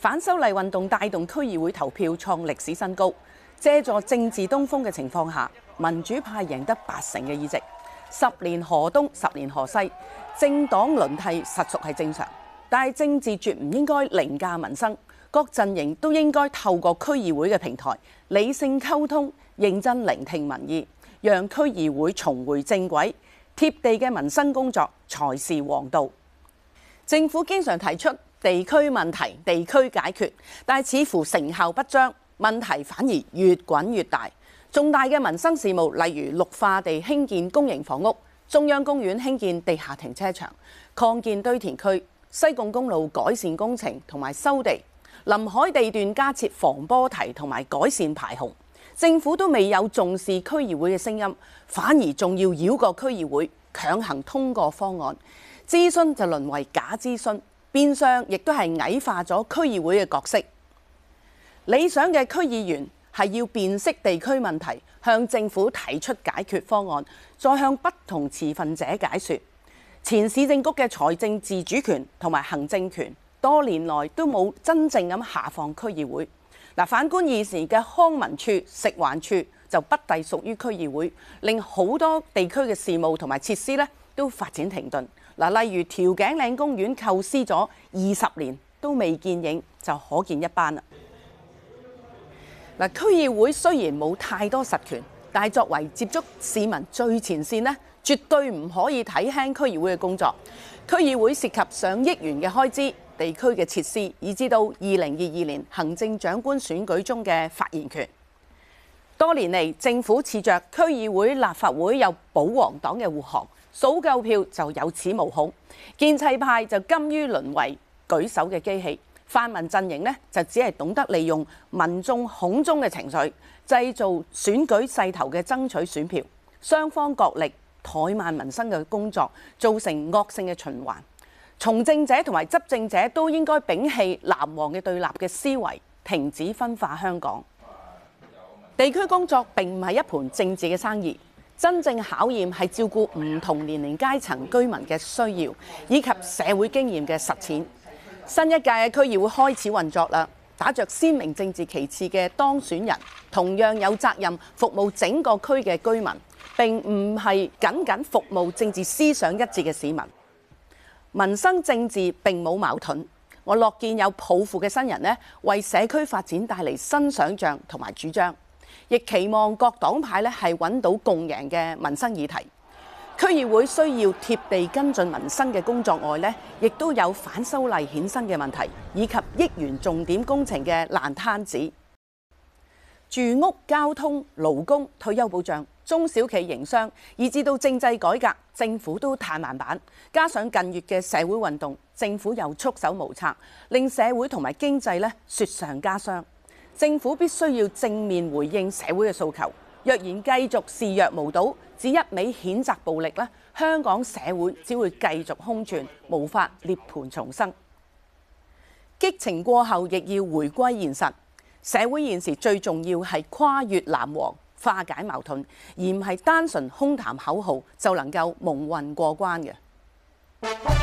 反修例運動帶動區議會投票創歷史新高，借助政治東風嘅情況下，民主派贏得八成嘅議席。十年河東，十年河西，政黨輪替實屬係正常，但係政治絕唔應該凌駕民生。各陣營都應該透過區議會嘅平台，理性溝通，認真聆聽民意，讓區議會重回正軌，貼地嘅民生工作才是王道。政府經常提出，地區問題，地區解決，但係似乎成效不彰，問題反而越滾越大。重大嘅民生事務，例如綠化地興建公營房屋、中央公園興建地下停車場、擴建堆填區、西貢公路改善工程同埋收地、臨海地段加設防波堤同埋改善排洪，政府都未有重視區議會嘅聲音，反而仲要繞過區議會強行通過方案，諮詢就淪為假諮詢。變相亦都係矮化咗區議會嘅角色。理想嘅區議員係要辨識地區問題，向政府提出解決方案，再向不同持份者解說。前市政局嘅財政自主權同埋行政權，多年來都冇真正咁下放區議會。嗱，反觀現時嘅康文署、食環署就不隸屬於區議會，令好多地區嘅事務同埋設施呢都發展停頓嗱，例如調景嶺公園構思咗二十年都未見影，就可見一斑啦。嗱，區議會雖然冇太多實權，但係作為接觸市民最前線咧，絕對唔可以睇輕區議會嘅工作。區議會涉及上億元嘅開支、地區嘅設施，以至到二零二二年行政長官選舉中嘅發言權。多年嚟，政府恃著區議會、立法會有保皇黨嘅護航。數夠票就有恃無恐，建制派就甘於淪為舉手嘅機器，泛民陣營呢，就只係懂得利用民眾恐中嘅情緒，製造選舉勢頭嘅爭取選票。雙方角力怠慢民生嘅工作，造成惡性嘅循環。從政者同埋執政者都應該摒棄藍黃嘅對立嘅思維，停止分化香港。地區工作並唔係一盤政治嘅生意。真正考驗係照顧唔同年齡階層居民嘅需要，以及社會經驗嘅實踐。新一屆嘅區議會開始運作啦，打着鮮明政治旗幟嘅當選人，同樣有責任服務整個區嘅居民，並唔係僅僅服務政治思想一致嘅市民。民生政治並冇矛盾，我樂見有抱負嘅新人呢，為社區發展帶嚟新想像同埋主張。亦期望各黨派咧係揾到共贏嘅民生議題。區議會需要貼地跟進民生嘅工作外呢，亦都有反修例衍生嘅問題，以及億元重點工程嘅爛攤子。住屋、交通、勞工、退休保障、中小企營商，以至到政制改革，政府都太慢板。加上近月嘅社會運動，政府又束手無策，令社會同埋經濟呢，雪上加霜。政府必須要正面回應社會嘅訴求，若然繼續視若無睹，只一味譴責暴力咧，香港社會只會繼續空轉，無法涅槃重生。激情過後，亦要回歸現實。社會現時最重要係跨越藍黃，化解矛盾，而唔係單純空談口號，就能夠蒙混過關嘅。